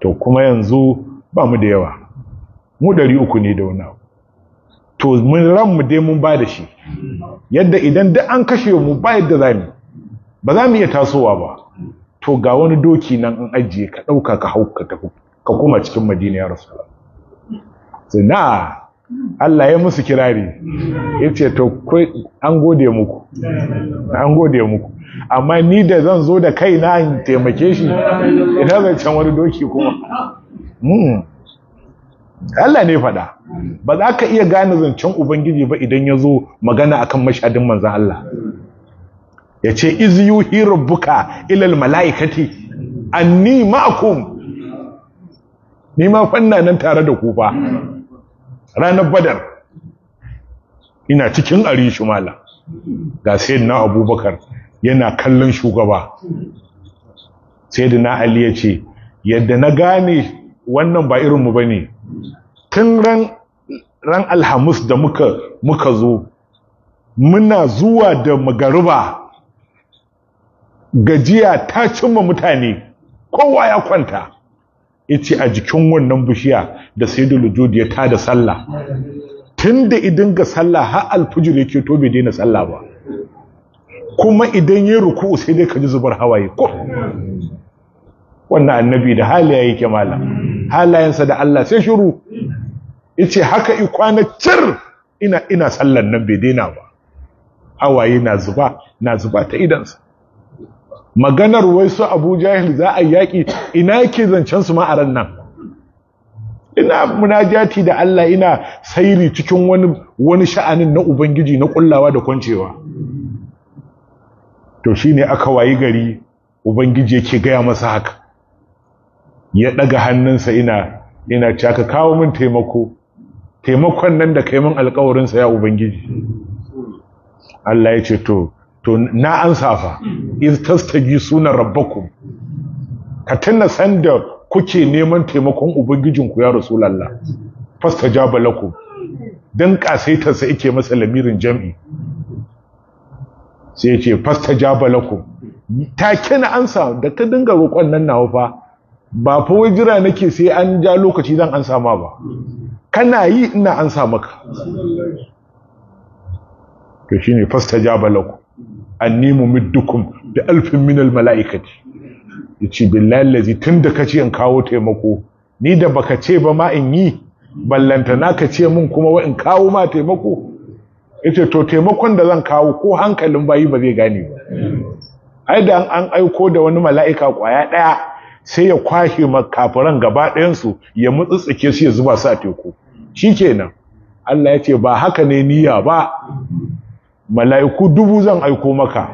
to kuma yanzu ba mu da yawa mu ɗari uku ne da wani abu to mun ran mu dai mun ba da shi yadda idan duk an kashe mu ba yadda za mu ba za mu iya tasowa ba to ga wani doki nan an ajiye ka ɗauka ka hau ka tafi ka koma cikin madina ya rasulullah sai Allah ya musu kirari ya ce to an gode muku an gode muku amma ni da zan zo da kai na in taimake shi ina zan can wani doki kuma hmm. Allah ne faɗa ba za ka iya gane zancen Ubangiji ba idan ya zo magana akan mashadin manzan Allah ya ce izi yuhi rubuka ilal mala'ikati anni ma'akum ni ma fanna nan tare da ku fa ranar badar ina cikin ari shumala ga sayyidina abubakar yana kallon shugaba sayyidina ali ya ce yadda na gane wannan ba irinmu ba ne tun ran ran alhamis da muka muka zo muna zuwa da magariba gajiya ta cimma mutane kowa ya kwanta ce a jikin wannan bishiya da sayyidul wujud ya tada sallah tunda idan ga sallah har alfujur yake to bai daina sallah ba kuma idan ya ruku'u, sai dai ka ji zubar hawaye ko wannan annabi da halaye yake malam halayensa da Allah sai shiru yace haka i kwana cir ina ina sallan nan bai daina ba hawaye na zuba na zuba ta idansa maganar wai su Abu Jahil za a yaki ina yake zancen su ma nan ina munajati da Allah ina sairi cikin wani wani sha'anin na ubangiji na kullawa da kwancewa to shine aka wayi gari ubangiji yake gaya masa haka ya daga hannunsa ina ina caka kawo min taimako taimakon nan da kai min alƙawarin sa ya ubangiji Allah ya ce to to na an safa iz tastaji suna rabbakum ka tuna sanda kuke neman taimakon ubangijinku ya rasulullah fastajaba lakum dan kasaitar sa yake masa lamirin jami sai yace fastajaba lakum take na ansa da ka dinga roƙon nan nawa fa ba fa wai jira nake sai an ja lokaci zan ansa ma ba kana yi ina ansa maka to shine fastajaba lakum anni mumiddukum da alfin min al malaikati yace billahi allazi tunda kace in kawo taimako ni da baka ce ba ma in yi ballanta na ka ce mun kuma wa in kawo ma taimako yace to taimakon da zan kawo ko hankalin bayi ba zai gane ba ai da an aiko da wani mala'ika kwaya daya sai ya kwashe makafiran gaba ɗayansu ya mutsitsike su ya zuba su a teku shikenan Allah ya ce ba haka ne niyya ba mala'iku dubu zan aiko maka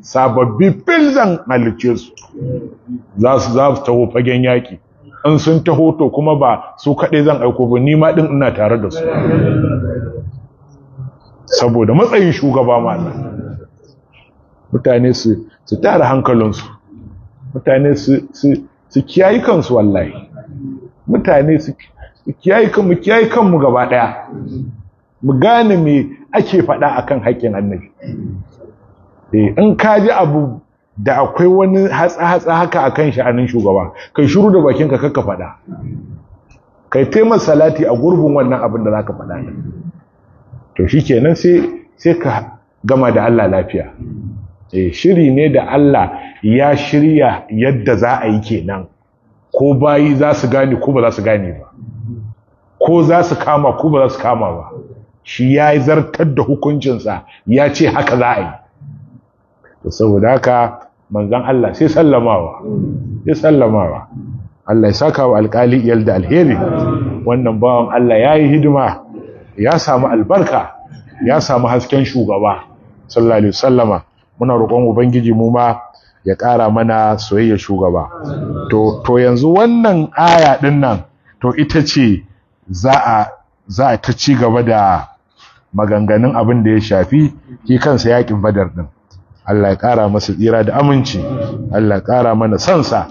sababbi fil zan halice su za su za su taho fagen yaƙi in sun taho to kuma ba su kaɗai zan aiko ba ni ma ɗin ina tare da su saboda matsayin shugaba mana mutane su tara hankalinsu mutane su kiyayi kansu wallahi mutane su kanmu kiyayi kanmu gaba ɗaya mu gane me ake faɗa akan haƙƙin annabi eh, in ka ji abu da akwai wani hatsa-hatsa haka akan kan sha'anin shugaba kai shiru da bakin bakinka kakka faɗa kai taimar salati a gurbin wannan abin da za ka faɗa da to shi kenan sai ka gama da Allah lafiya eh, shiri ne da Allah ya shirya yadda za a yi kenan ko bayi za su gane ko ba za su gane ba ko za su kama ko ba za su kama ba shi ya yi zartar da hukuncinsa ya ce haka za a yi da saboda haka manzan Allah sai sallamawa sai sallamawa Allah ya saka wa alƙali iyal da alheri wannan bawan Allah ya yi hidima ya samu albarka ya samu hasken shugaba sallallahu alaihi sallama, muna roƙon ubangiji mu ma ya ƙara mana soyayya shugaba to to yanzu wannan aya din nan to ita ce za a za a ta ci gaba da maganganun abin da ya shafi shi kansa yakin badar din Allah ya kara masa tsira da aminci Allah ya kara mana sansa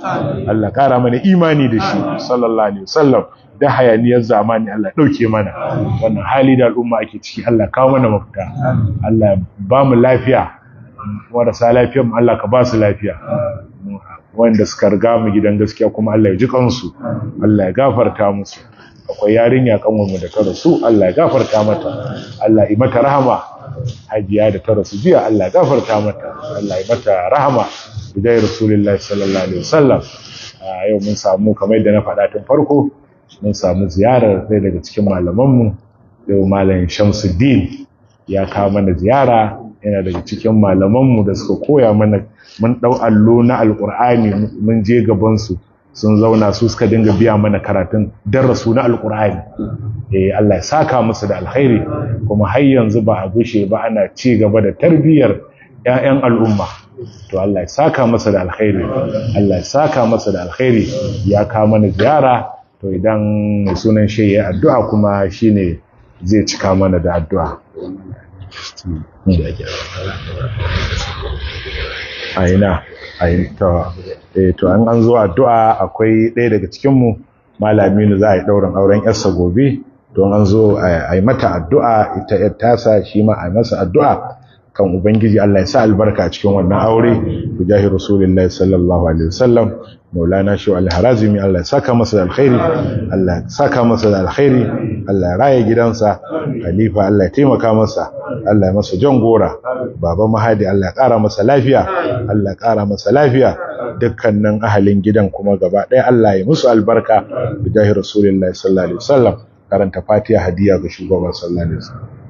Allah ya kara mana imani da shi sallallahu alaihi wasallam da hayaniyar zamani Allah ya dauke mana wannan hali da al'umma ake ciki Allah kawo mana mafita Allah ya ba mu lafiya marasa lafiyar mu Allah ka ba su lafiya wanda suka riga mu gidan gaskiya kuma Allah ya ji kansu Allah ya gafarta musu akwai yarinya kanwarmu da ta rasu Allah ya gafarta mata Allah ya mata rahama hajiya da ta rasu jiya Allah ya gafarta mata Allah ya mata rahama bidai rasulullahi sallallahu alaihi wasallam yau mun samu kamar yadda na faɗa tun farko mun samu ziyarar ɗaya daga cikin malamanmu yau malam Shamsuddin ya kawo mana ziyara yana daga cikin malamanmu da suka koya mana mun ɗau allo na alƙur'ani mun je gabansu sun zauna su suka dinga biya mana karatun darasu na alkur'ani eh Allah ya saka musu da alkhairi kuma har yanzu ba a gushe ba ana ci gaba da tarbiyyar ƴaƴan al'umma to Allah ya saka masa da alkhairi Allah ya saka masa da alkhairi ya ka mana ziyara to idan sunan shi ya addu'a kuma shine zai cika mana da addu'a Aina, ina to an eh, an zo addu'a akwai ɗaya daga cikinmu Malaminu za a yi ɗaurin auren yarsa gobe don an zo a mata addu'a ita yar tasa shi ma a masa addu'a kan ubangiji Allah ya sa albarka a cikin wannan aure jahi rasulullahi sallallahu alaihi wasallam maulana shi al-harazimi Allah ya saka masa alkhairi Allah ya saka masa alkhairi Allah ya raya gidansa khalifa Allah ya taimaka masa Allah ya masa jan gora baba mahadi Allah ya kara masa lafiya Allah ya kara masa lafiya dukkanin ahalin gidan kuma gaba ɗaya Allah ya musu albarka jahi rasulullahi sallallahu alaihi wasallam karanta fatiha hadiya ga shugaban sallallahu alaihi wasallam